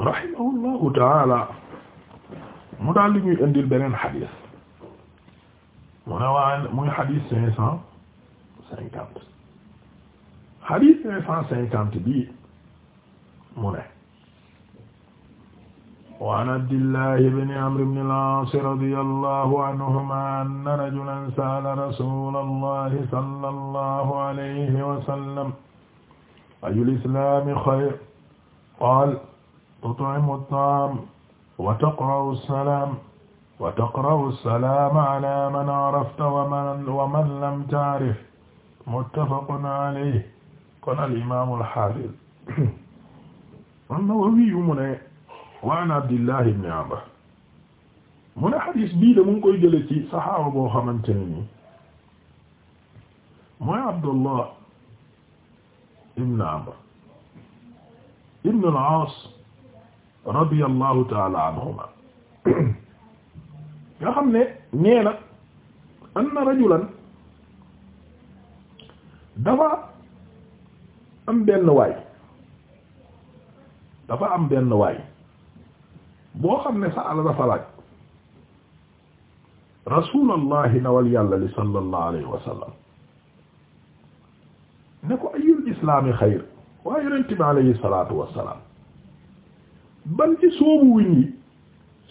rahimahullahu taala mu daal li ñuy indil beneen xadis mu ne waa muy xadis cinq cent cinquante xadis cinq cent cinquante bii mu ne wa an abdillahi ibni amri ibni al-aas radiyallahu anhuma anna rajulan sa'ala rasulallahi sallallahu alayhi wa sallam ayyul islami xayr qaala tut'imu at-ta'am wa taqra'u as-salam wa taqra'u as-salam ala man 'arafta wa man lam ta'rif muttafaqun alayhi kon al-imam al-hafiz an-Nawawi mu ne wa an Abdillah ibn Amr mu ne xadis bii da mu ngi koy jële ci saxaaba boo xamante ne nii mooy Abdullah ibn Amr ibn al-As radiyallahu taala anhuma nga xam ne nee na anna rajulan dafa am benn waay dafa am benn waay boo xam ne sa ala dafa laaj rasulallahi nawal yàlla li sallallahu alayhi wa sallam ne ko ayul islaami xayr waaye yonent bi alayhi salatu wassalam ban ci soobu wuñ yi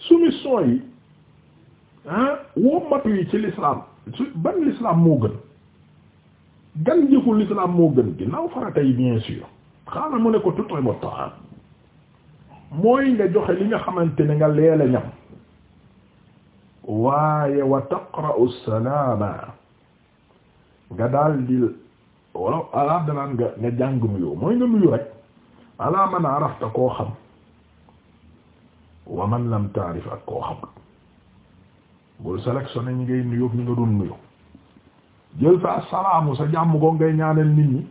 soumission yi ah wommatu yi ci lislaam su ban l'islam moo gën gan jëfu l'islam moo gën ginnaaw farata yi bien sûr xaaral mu ne ko tutay ba taam mooy nga joxe li nga xamante ne nga leela ñam waaye wa taqra'u salaama nga daal di wala alaab danaan nga nga jàng nuyu mooy nga nuyu rek alaa man arafta koo xam wa man lam taarif ak koo xam bul sélectionné ñi ngay nuyu ñi nuyu jël sa asalaamu sa jàmm goo ngay ñaanal nit ñi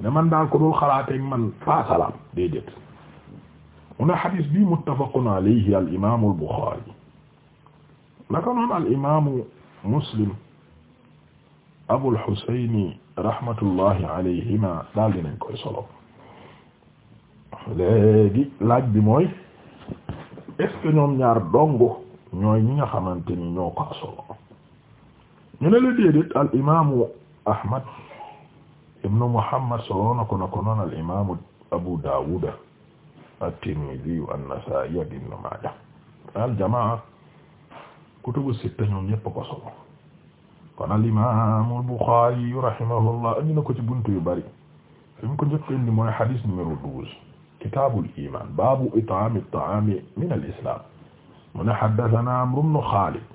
ne man daal ko dul xalaateeg man fa salaam déedéet mu ne xadis bi muttafaqun alayhi al imaamu al buxaari naka noonu al imaamu muslim abul daal dinañ koy solo léegi laaj bi mooy. est-ce ñoom ñaar dongu ñooy ñi nga xamante ni ñoo ko solo ñu ne la déedéet al imaamu Ahmad ibnu Muhammad solo na ko na al imaamu Abu Dawud at-Tirmidhi an-Nasa'i ak Ibn Majah al jamaa kutubu sitta ñoom ñépp ko solo kon al imaamu al-Bukhari rahimahullah andi ko ci buntu yu bari fi mu ko njëkk indi mooy hadith numéro douze kitaabul iimaan baabu it'aami at-ta'aami minal islaam mu ne haddasanaa Amru bnu Xaalid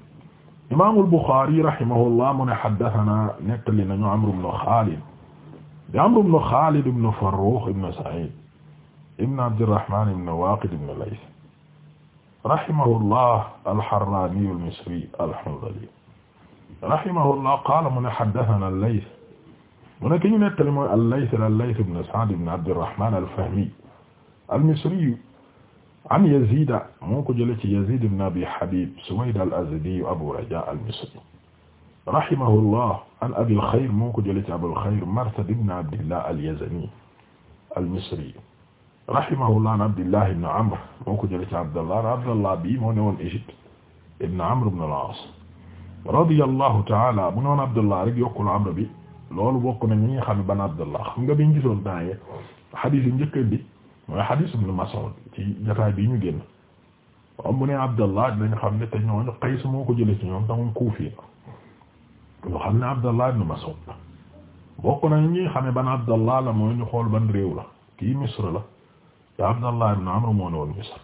imaamul Buxaari rahimahullah mu ne haddasanaa nettali nañu Amru bnu Xaalid di Amru bnu Xaalid ibnu Farrux ibnu Sa'iid ibnu Abdirrahmaan ibnu Waaqid ibnu Lays rahimahullah al-Harraani al-Misri al-Hanzali rahimahullah qaala mu ne haddasanaa al-Lays mu ne ki ñu nettali mooy al-Lays al-Lays ibnu Sa'd ibnu Abdirrahmaan al-Fahmi al-Misri an Yazid moo ko jëlee ci Yazid ibn Abi Habib Suwayd al-Azdi Abu Raja al-Misri rahimahullah an Abil Khayr moo ko jëlee ci Abul Khayr Marsad ibn Abdillah al-Yazani al-Misri rahimahullah an Abdillah ibn Amr moo ko jëlee ci Abdallah Abdallah bi moo newoon Égypte ibn Amr ibn al-As radiyallahu ta'ala bu newoon Abdallah rek yokkul Amr bi loolu bokk na ñi nga xam ne ban Abdallah xam nga biñ gisoon daaye hadiis yi njëkk bi mooy hadis Ibn Mas'ud ci jotaay bii ñu génn am mu ne Abdallah dinañ xam ne te ñooñu Qays moo ko jëlee ci ñoom te moom Kuufi ñu xam ne Abdallah ibn Mas'ud bokk nañ ñi xamee ban Abdallah la mooy ñu xool ban réew la kii Misr la te Abdallah ibn Amr moo ne woon Misr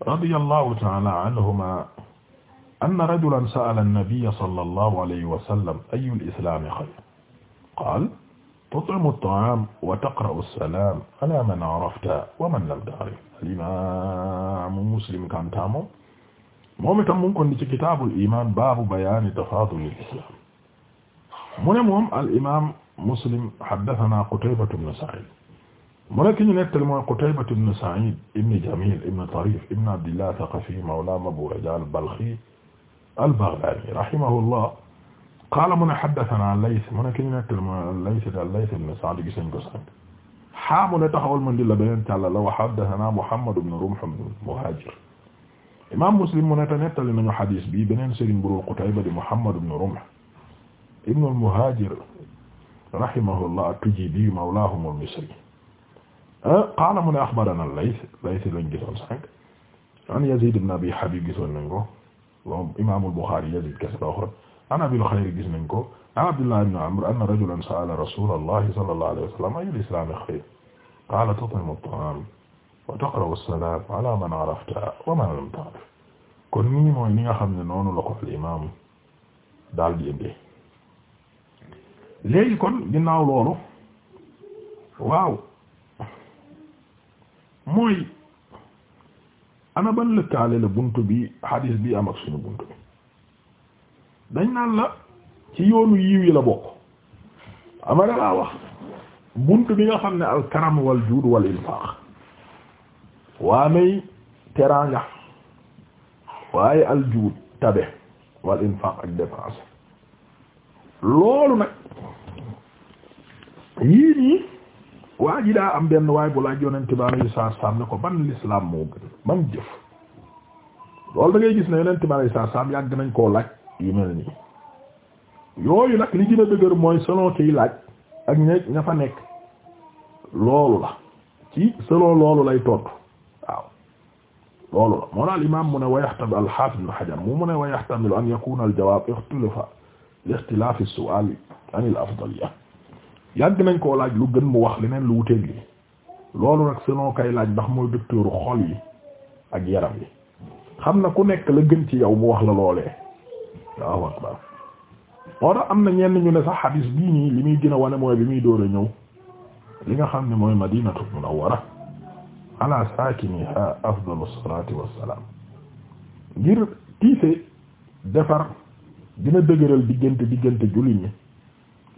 radiyallahu ta'ala anhuma anna rajulan sa'ala an-nabiyya sallallahu alayhi wa sallam ayyu al-islami khayr qala tut'imu at-ta'am wa taqra'u as-salam ala man arafta wa man lam ta'rif al-imam Muslim kanta moom moom itam mu ngi ko ndi ci kitabul iman babu bayani tafadul al-islam mu ne moom al-imam Muslim haddathana Qutaybah ibn Sa'id mu nekk ñu nettali mooy Qutaybah ibn Sa'id ibn Jamil ibn Tarif ibn Abdillah Thaqafi mawla Abu Rajal al-Balkhi al-Baghdadi rahimahullah qaala mu ne haddathana Layth mu ne ki ñu nettali mooy Layth Layth ibn Sa'd gis nañ ko sànq xaa mu ne taxawal ma ndil la beneen tàlla la wa haddathana Muhammad ibn Rumh ibn Muhajir imaam Muslim mu ne te nettali nañu xadiis bi beneen sëriñ bu Qutayba di Muhammad ibn Rumh ibn al-Muhajir rahimahullah at-Tujibi mawlaahum al-Misri ah, qaala mu ne axbarana Layth Layth lañ gisoon sànq an Yazid ibn Abi Habib gisoon nañ ko loolu imaamul Buxaari Yazid kese la waxoon an abil xayr gis nañ ko an abdullah ibn amr anna rajulan sa'ala rasulallahi sallallahu alayhi wa sallam ayyul islami xayr qaala tut'imu at-ta'am wa taqra'u as-salaam ala man arafta wa man lam ta'rif kon nii mooy li nga xam ne noonu la ko al imaam daal di indee léegi kon ginnaaw loolu waaw mooy ana ban lëkkaale la buntu bi hadis bi am ak suñu buntu bi dañ naan la ci yoonu yiw yi la bokk ama dalaa wax bunt bi nga xam ne al karam wal juud wal infaq waa may teraanga waaye al juud tabe wal infaq ak dépense loolu nag yii nii waa ji daa am benn waaye bu laaj yonent bi alayhi salaatu salaam ne ko ban l'islam moo gën ban jëf loolu da ngay gis ne yonent bi alayhi salaatu salaam yàgg nañ koo laaj yu mel nii yooyu nag li gën a dëgër mooy selon kiy laaj ak ña ña fa nekk loolu la ci selon loolu lay tontu waaw loolu la moo daal imaam mu ne wa yaxtamil al-Haafiz ibn Hajar mu mu ne wa yaxtamilu an yakuna al-jawaab ixtilafa li-ixtilaafi as-su'aal an al-afdaliyya yàgg nañ koo laaj lu gën mu wax leneen lu wuteeg li loolu nag selon kay laaj ndax mooy docteur xool yi ak yaram yi xam na ku nekk la gën ci yow mu wax la loolee. waaw akbar moo tax am na ñenn ñu ne sax xadiis bii nii li muy gën a wane mooy bi muy door a ñëw li nga xam ne mooy madinatu munawwara ala saakiniha afdalu salaati wassalaam ngir tiise defar dina dëgëral diggante diggante jullit ñi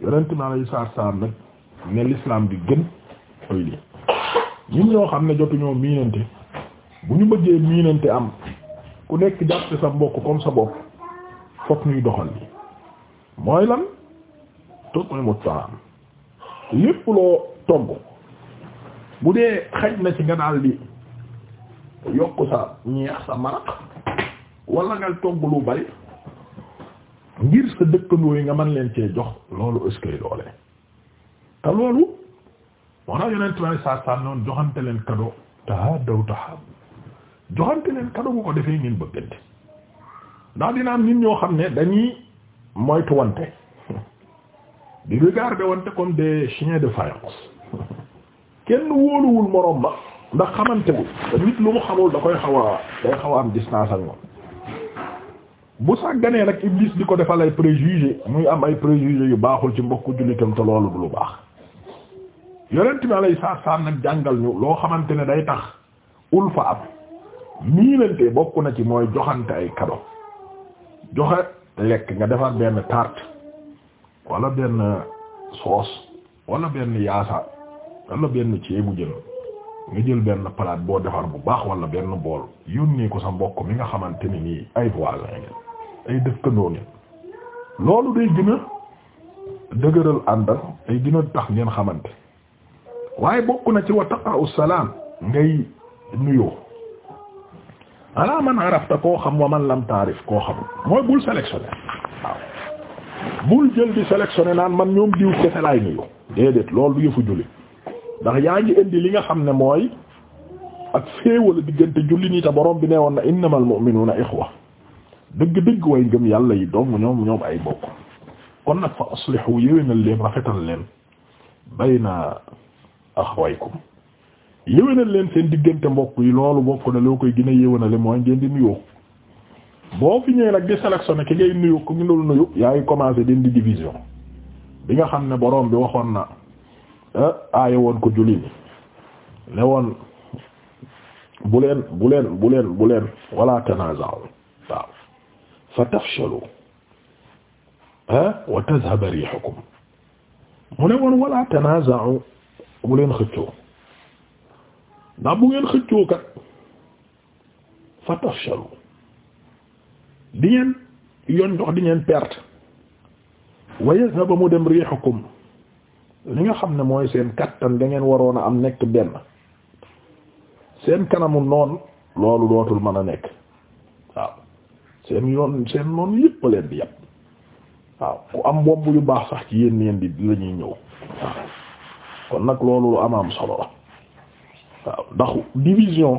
yonent mi alayhi salaatu salaam nag ne l'islam bi gën koy ñoo xam ne jotuñoo miinante bu ñu bëggee miinante am ku nekk jàpp sa mbokk comme sa bopp fokk ñuy doxal li mooy lan tut'imu ta'am lépp togg bu dee xaj na ci nga daal di yokk sa ñeex sa maraq wala nga togg lu bari ngir sa dëkkandoo yi nga mën leen cee jox loolu ëskay doole te loolu moo tax yonent bari saa saa noonu joxante leen cadeau tahadaw tahab joxante leen cadeau bu ko defee ngeen bëggante ndax dina am nit ñoo xam ne dañuy moytu wante di regarder wante comme des chiens de faïence kenn wóoluwul moroom ba ndax xamantewul te nit lu mu xamul da koy xaw a day xaw am distance ak moom bu sàgganee nag iblis di ko defal ay préjugé muy am ay préjugé yu baaxul ci mbokku jullitam te loolu du lu baax yonent bi alayhi salaam nag jàngal ñu loo xamante ne day tax ul ulfa am miinante bokku na ci mooy joxante ay kado joxe lekk nga defar benn tarte wala benn soos wala benn yaasa wala benn ceebu jën nga jël benn palaat boo defar bu baax wala benn bool yónnee ko sa mbokk mi nga xamante ni nii ay voisins ngeen ay dëkkandoo ngeen loolu day gën dëgëral ànd ay day gën a tax ngeen xamante waaye bokk na ci wa taqa'u salaam ngay nuyoo. ala man arafta koo xam wa man lam taarif koo xamul mooy bul sélectionné waaw bul jël di sélectionné naan man ñoom diw kese laay nuyu déedéet du yëfu jullit ndax yaa ngi indi li nga xam ne mooy ak féewala diggante julli nii te borom bi nee woon na innamal mu'minuna ixwa dëgg-dëgg way ngëm yàlla yi dong ñoom ñoom ay bokk kon nag fa aslihu yéwénal leen rafetal leen bayna axwaykum yéwénal leen seen diggante mbokk yi loolu bokk na loo koy gën a yéwénale mooy ngeen di nuyoo boo fi ñëwee nag di sélectionné ki ngay nuyu ku ñu doon nuyu yaa ngi commencé di di division bi nga xam ne borom bi waxoon na ah woon ko julli ni ne woon bu leen bu leen bu leen bu leen wala tanaza'u waaw fa tafshalu ah wa tazhaba rihukum mu ne woon wala tanaza'u bu leen xëccoo. ndax bu ngeen xëccoo kat fa tafshalu di ngeen yoon dox di ngeen perte wa ba mu dem rihukum li nga xam ne mooy seen kattan da ngeen waroon a am nekk benn seen kanamu noon loolu dootul mën a nekk waaw seen yoon seen noonu yëpp leen di yàpp waaw ku am bopp yu baax sax ci yéen yéen di la ñuy ñëw waaw kon nag loolu lu am am solo la waaw ndax division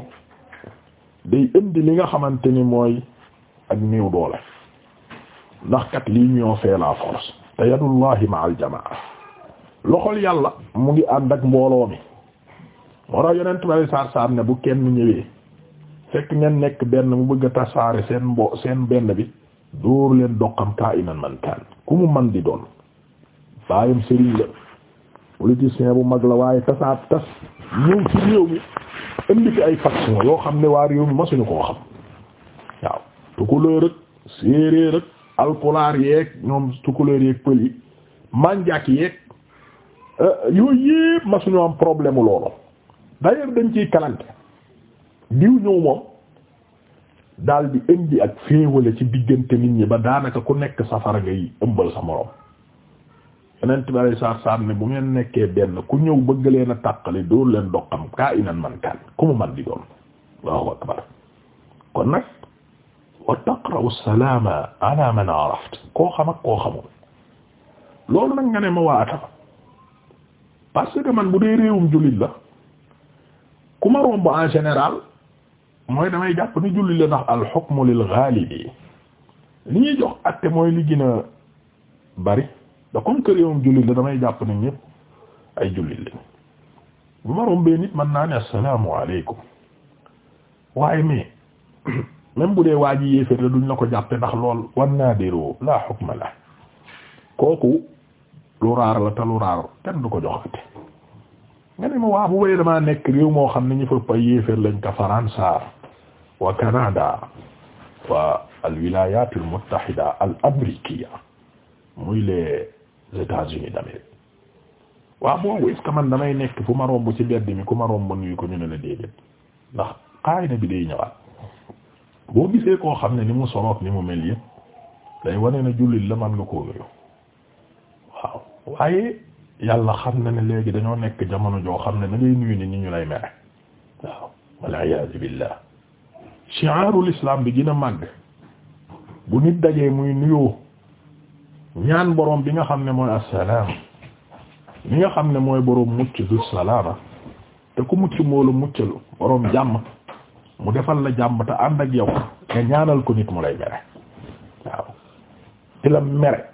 day indi li nga xamante ni mooy ak néew doole ndax kat l'union fait la force te yadullahi ma al jamaa loxol yàlla mu ngi ànd ak mbooloo mi moo tax yonent bari saar saar ne bu kenn ñëwee fekk ngeen nekk benn mu bëgg a tasaare seen mbo seen benn bi dóor leen doqam kaa inan man ku mu man di doon baayam sëriñ la politicien bu mag la waaye tasaat tas ñëw ci réew mi indi fi ay faction yoo xam ne waa réew mi masuñu koo xam waaw tukulóor ak séeréer ak alpulaar yeeg ñoom tukulóor yeeg pël yi manjaak yeeg euh, yooyu yépp masuñu am problème loolu d'ailleurs dañ ciy kalante diw ñëw moom daal di indi ak féewale ci diggante nit ñi ba daanaka ku nekk safara ngay ëmbal sa moroom yeneen tubaab yi sax ne bu ngeen nekkee benn ku ñëw bëgg leen a tàqali doo leen doqam kaa inan man kaan ku mu man di doon Allahu akbar kon nag wa taqra'u salaama ala man arafta koo xam koo xamul loolu nag nga ne ma waa atama parce man bu dee réewum jullit la ku ma romb en général mooy damay jàpp ni jullit la ndax al hukmu lil ghaalibi li ñuy jox atte mooy li bari. da comme que réewum jullit la damay jàpp ne ñëpp ay jullit lañ bu ma rombee nit man naa ne asalaamaaleykum waaye mais même bu dee waa ji la duñ la ko jàppe ndax lool wan naa laa xukma la kooku lu raar la te lu raar kenn du ko joxate nga ne ma waa bu wéyee damaa nekk réew moo xam ne ñu fëpp ay lañ ka France wa Canada wa al wilayatul al amrikiya muy les États-Unis d'Amérique waaw boobu est man damay nekk fu ma romb ci mbedd mi ku ma romb nuyu ko ñu ne la déedéet ndax xaayna bi day ñëwaat boo gisee koo xam ne ni mu soloog ni mu mel yëpp day wane na jullit la man nga koo nuyu waaw waaye yàlla xam na ne léegi dañoo nekk jamono joo xam ne da ngay nuyu ni ñu lay mere waaw waliyasu billah chiarul islam bi gën a màgg bu nit dajee muy nuyoo ñaan boroom bi nga xam ne mooy assalaam bi nga xam ne mooy boroom mucc du salaama te ku mucc moo la muccalu borom jàmm mu defal la jàmm te ànd ak yow nga ñaanal ko nit mu lay mere waaw te la mere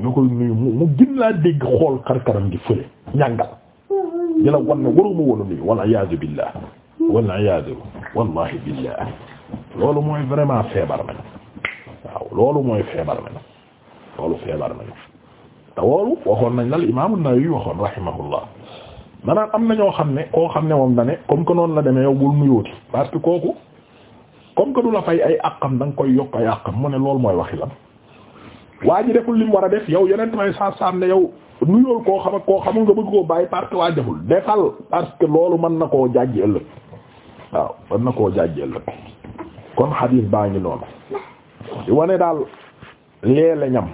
nga koy nuyu mu gën laa dégg xool karkaram gi fële ñàngal di la wan ne waruma woon nuyu wal iyaazu billah wal iyaazu wallahi loolu mooy vraiment feebar na waaw loolu mooy feebar na loolu feebar nañu waxoon nañ la al imaamu Nawawi waxoon rahimahullah maanaam am na ñoo xam ne koo xam ne moom da ne comme que noonu la demee yow bul nuyooti parce que kooku comme que du la fay ay àqam danga koy yokk ay àqam mu ne loolu mooy waxi lan waa ji deful li mu war a def yow yeneen may sa sam ne yow nuyool koo xam ak koo xamul nga bëgg koo bàyyi parce que waa deful defal parce que loolu mën na koo jàjj ëllëg waaw mën na koo jàjji ëllëg kon xadiis baa ngi noonu di wane daal la ñam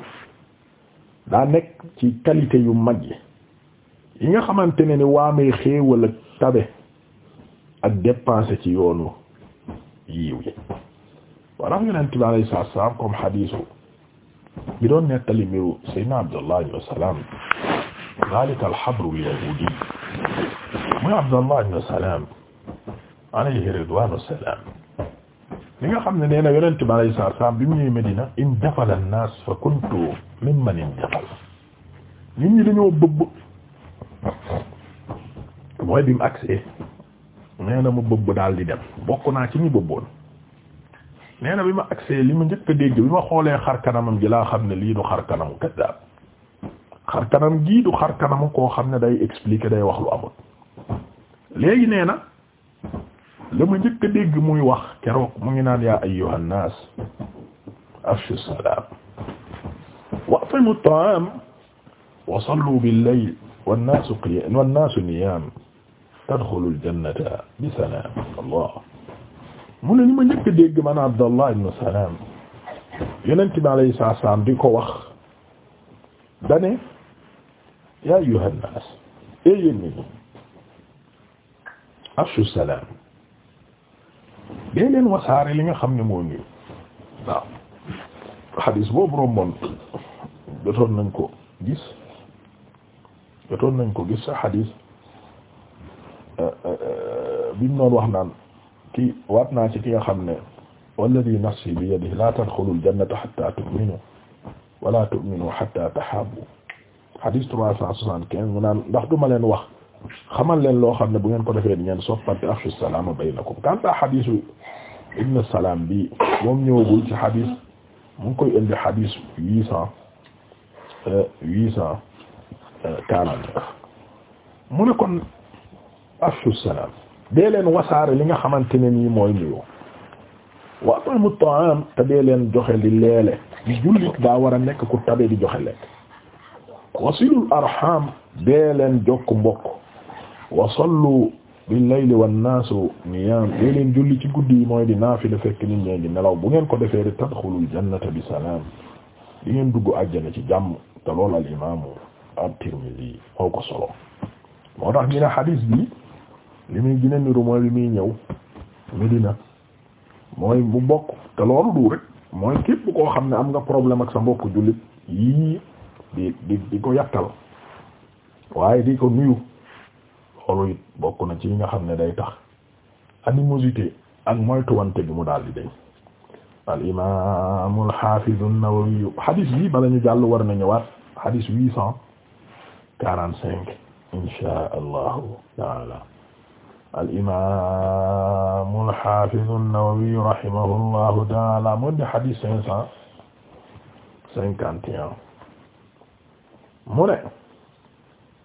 daa nekk ci qualité yu mag yi nga xamante ne ni waamee xéewal ak tabe ak dépenser ci yoonu yiw yi warax yonent bi alayhi salaatu salaam comme xadiisu bi doon nettali mbiru Seydina Abdallah ibn Salaam zaalika al-habru al-yahuudi muy Abdallah ibn Salaam ridwaanu salaam li nga xam ne nee na yonent bi alayhi salaatu bi mu ñëwee Medina indafala an-naas fa kuntu mimman indafal nit ñi dañoo bëbb mooy bi mu agsee nee na bëbb daal di dem bokk naa ci ñu bëbboon nee na bi ma agsee li ma njëkk a dégg bi ma xoolee xar kanamam gi laa xam ne lii du xar kanamu kaddaab xar kanam gii du xar kanamu koo xam ne day expliquer day wax lu amut léegi nee na la ma njëkk a dégg muy wax keroog mu ngi naan yaa ayyuhan naas afshu salaam wa at'imu at-ta'aam wa sallu bil-layl wan-naasu qiyaam wan-naasu niyaam tadxulu al-jannata bi salaam allah mu ne li ma njëkk a dégg man Abdallah ibn Salaam Yonent bi alayhi salaam di ko wax dane yaa ayyuhan naas yéen ñi afshu salaam dee leen wasaare li nga xam ne moo ñëw waaw xadis boobu romon jotoon nañ ko gis jotoon nañ ko gis sa xadis euh, euh, euh, bi mu wax naan ki waat naa ci ki nga xam ne walladi nafsi bi yadihi la tadxulul jannata hatta tu'minu wala tu'minu hatta tahabbu xadis trois cent soixante mu naan ndax duma leen wax xamal leen loo xam ne bu ngeen ko defee di ngeen soppante afshu salaama baynakum kanta xadiisu ibn salaam bi moom ñëwagul ci xadiis mu ngi koy indi xadiis huit cent euh, huit cent euh, quarante mu ne kon afshu salaam dee leen wasaare li nga xamante ne nii mooy nuyoo wa at'imu ta'am te dee leen joxe li leele di jullit daa war a nekk ku tabe di joxe lekk wasilul arham dee leen jokk mbokk wa sallu bil layli wan naasu niyaam dee leen julli ci guddi yi mooy di naafila fekk nit ñee ngi nelaw bu ngeen ko defee di tadxulul jannata bi salaam di ngeen dugg àjjana ci jàmm te al imaamu at-Tirmidhi moo ko solo moo tax ñu ne hadis bi li muy gën a niru li muy ñëw Medina mooy mu bokk te loolu du rek mooy képp koo xam ne am nga problème ak sa mbokk jullit yii di di ko yàttal waaye di ko nuyu. loolu it bokk na ci yi nga xam ne day tax animosité ak moytuwante bi mu daal di dañ al imaam al xaafiz an-Nawawi hadis bi bala ñu jàll war na ñëwaat hadis huit cent quarante cinq insha allahu taala al imaam al xaafiz an-Nawawi rahimahullahu taala moo di hadis cinq cent cinquante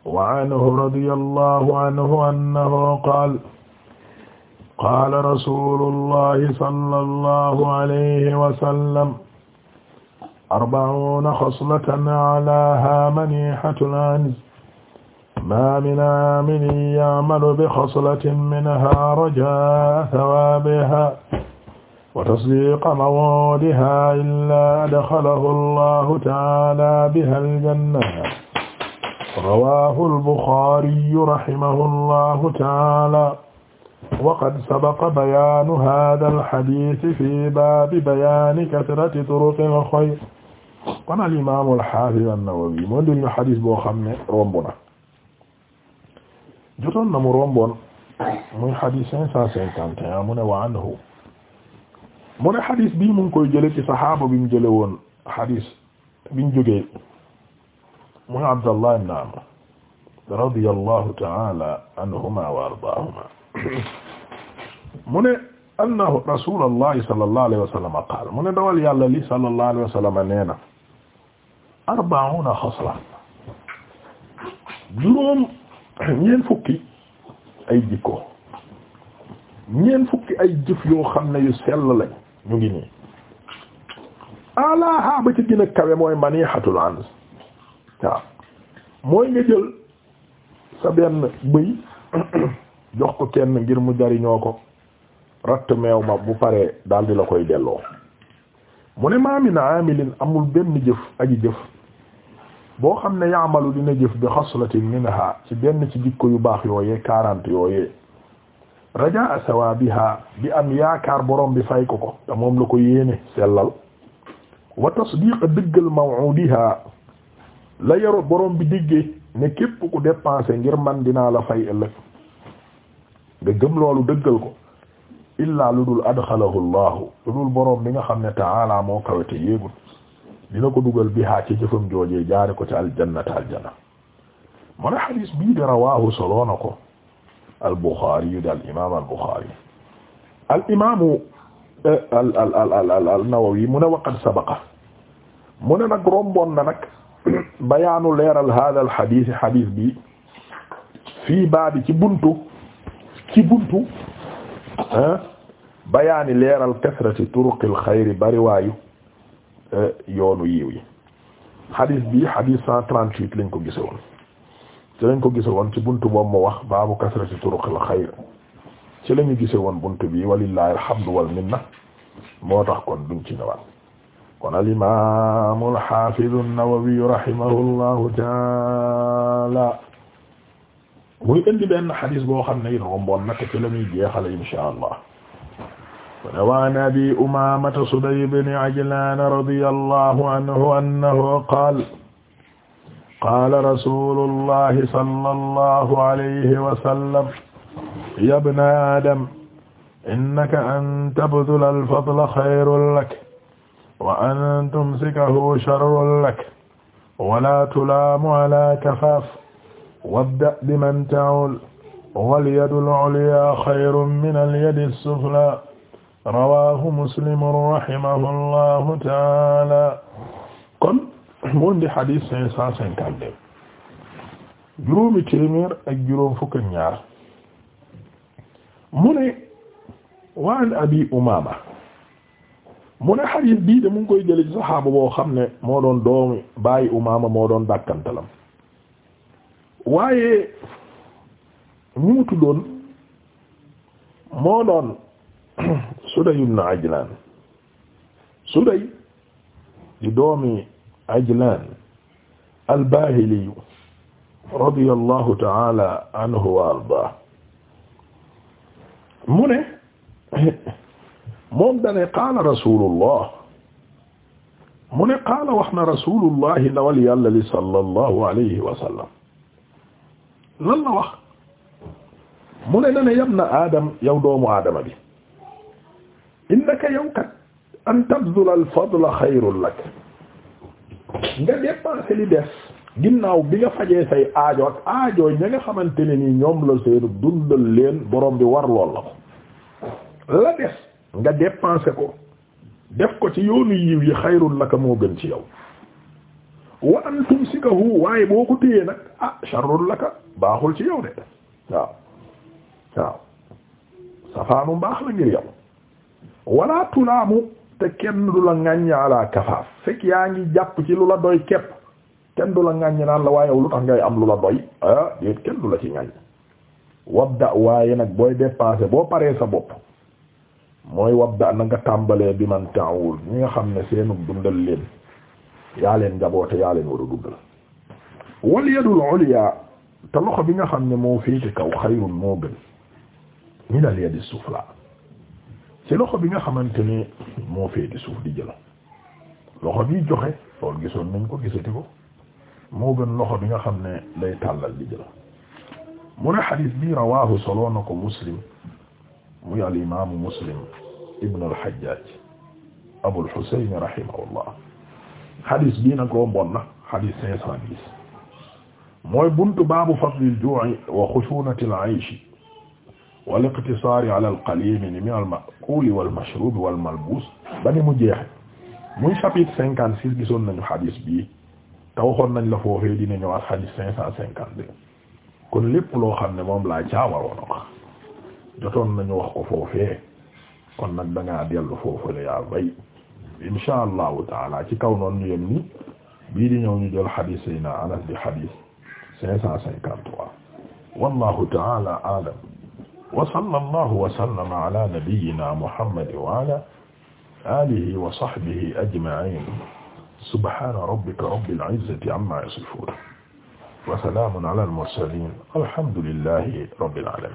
wa anhu radiyallahu anhu annahu qaala qaala rasuulullahi sallallahu alayhi wa sallam arba'uuna xaslatan alaahaa maniihatul anz maa min aamilin ya'malu bi xaslatin minhaa rajaa'a thawaabihaa wa tasdiiqa maw'idihaa illaa adxalahu Allahu ta'aalaa bihaa al-jannah rawaahu al-Buxaariyu rahimahullahu ta'aala waqad sabaqa bayaanu haadhal hadiisi fii baabi bayaani kasrati turuqil xayr kon al-imaam al-haafiz an-Nawawi moo dil ñu xadis boo xam ne romb na jotoon na mu romboon muy xadis cinq cent cinquante et un mu ne wa anhu mu ne xadis bii mu ngi koy jële ci saxaaba bi mu jële woon xadis biñ jógee muy Abdallah ibn Amr radiyallahu ta'ala anhuma wa ardaahuma mu ne annahu rasulullah sallallahu alayhi wa sallam qaal mu ne dawal yàlla li sallallahu alayhi wa sallam fukki ay jikko yoo xam ne yu sell lañ ñu ngi nii alaaha ba ci gën a kawe mooy manihatul mooy nga jël sa benn bëy jox ko kenn ngir mu jariñoo ko ratt meew ma bu pare daal di la koy delloo mu ne maamin amilin amul benn jëf aji jëf boo xam ne yaamalu dina jëf bi xaslatin minha ci benn ci jikko yu baax yooyee quarante yooyee rajaa sawabiha bi am yaakaar boroom bi fay ko ko te moom la ko yéene sellal wa tasdiq dëggal maw'udiha la yaru borom bi diggee ne képp ku dépensé ngir man dinaa la fay ëllëg nga gëm loolu dëggal ko illaa lu dul adxalahu llahu lu dul borom bi nga xam ne taala moo kawete yéegul dina ko dugal bihaa ci jëfam joojee jaare ko ci aljannata aljanna mu ne xadiis bii de rawaahu soloo na ko albuxaari yu de al imaam albuxaari al imaamu eh, al al al al al mu ne waqad sabaqa mu ne nag romboon na bayaanu leeral hada al xadiis xadiis bi fii baabi ci buntu ci buntu ah bayaani leeral kasrati turuqil xayri bariwaayu eh, yoonu yiw yi xadiis bi xadiis cent trente-huit lañ ko gise woon ko gise woon ci buntu boobu mu wax baabu kasrati turuqil xayri ci lañu gise woon buntu bi walillahi alhamdu wal minna moo tax kon duñ ci ñëwaat kon alimamu alhafidu an-Nawawi rahimahullahu taala muy indi benn xadis boo xam ne romboon na te ci la muy jeexal inshaa Allah wa an abi umamata sudayy ibn ajlan radiyallahu anhu annahu qaala qaala rasulullahi sallallahu alayhi wa sallam ya ibna adam innaka an tabdula al-fadla xayrun lak wa an tumsikahu sharrun lak wala tulaamu ala kafaaf wabda biman ta'ul walyadu al-'ulyaa xayrun min al-yadi as-suflaa rawaahu muslimun rahimahullahu ta'aala kon moo di hadith cinq cent cinquante juróomi téeméer ak juróom fukk ak ñaar mu ne wa an Abi Umaama mu ne xadiis bii de mu ngi koy jële ci saxaaba boo xam ne moo doon doomi bàyyi umaama moo doon dàkkantalam waaye ñu mu tuddoon moo doon Suday ibn Ajlaan Suday di doomi Ajlaan al-Baahili radiyallahu ta'ala anhu wa ardaa mu moom dane qaala rasulullah mu ne qaala wax na rasulullahi ndawal yàlla li sallallahu alayhi wa sallam lan la wax mu ne dane yam na aadam yow doomu aadama bi innaka yow kat an tabdula al fadla xayrun lak nga dépensé li des ginnaaw bi nga fajee say aajo ak aajo ña nga xamante ne nii ñoom la seen dundal leen borom bi war lool la ko nga dépensé ko def ko ci yoonu yiw yi xayrul laka moo gën ci yow wa an tumsikahu waaye boo ko téyee nag ah sharrul laka baaxul ci yow de waaw waaw safaanu baax la ngir yow wala tulaamu te kenn du la ŋàññ kafaaf fekk yaa ngi jàpp ci lu la doy képp kenn du la ŋàññ naan la waaye lu tax ngay am lu la doy ah déet kenn du la ci ŋàññ wabda waaye nag booy dépenser boo paree sa bopp mooy wabda na nga tàmbalee bi man ta'ul ñi nga xam ne seenu dundal leen yaa leen njaboote yaa leen war a dundal wal yadul ulya te loxo bi nga xam ne moo féete kaw xayrun moo gën min al yadi loxo bi nga xamante ni moo féete suuf di jël loxo bi joxe loolu gisoon nañ ko gisati ko moo gën loxo bi nga xam ne lay tàllal di jëla mu ne xadiis bi rawaahu solo na ko muslim muy al imaamu muslim ibn al hajjaj abul husayn rahimahullah hadis bii nag romboon na hadis cinq cent dix mooy buntu baabu fadlil ju'i wa khushunatil 'ayshi wal iqtisaari ala al qalil min al ma'kuli wal mashrubi wal malbus mu jeexe muy chapitre cinquante six gisoon nañu hadis bii nañ la foofee dina ñëwaat hadis cinq cent cinquante deux kon lépp loo xam ne moom laa caawaroon a jotoon nañu wax ko foofee kon nag da ngaa dellu foofale yaa bay insha allahu taala ci kaw noonu ñu yem ni bii di ñëw ñu jël xadiis sayna anas di xadiis cinq cent cinquante-trois wallahu taala aalam wa sallallahu wa sallama ala nabiyyina muhammadin wa ala alihi wa sahbihi ajma'in subhana rabbika rabbil izzati amma yasifun wa salamun ala al mursalin alhamdulillahi rabbil alamin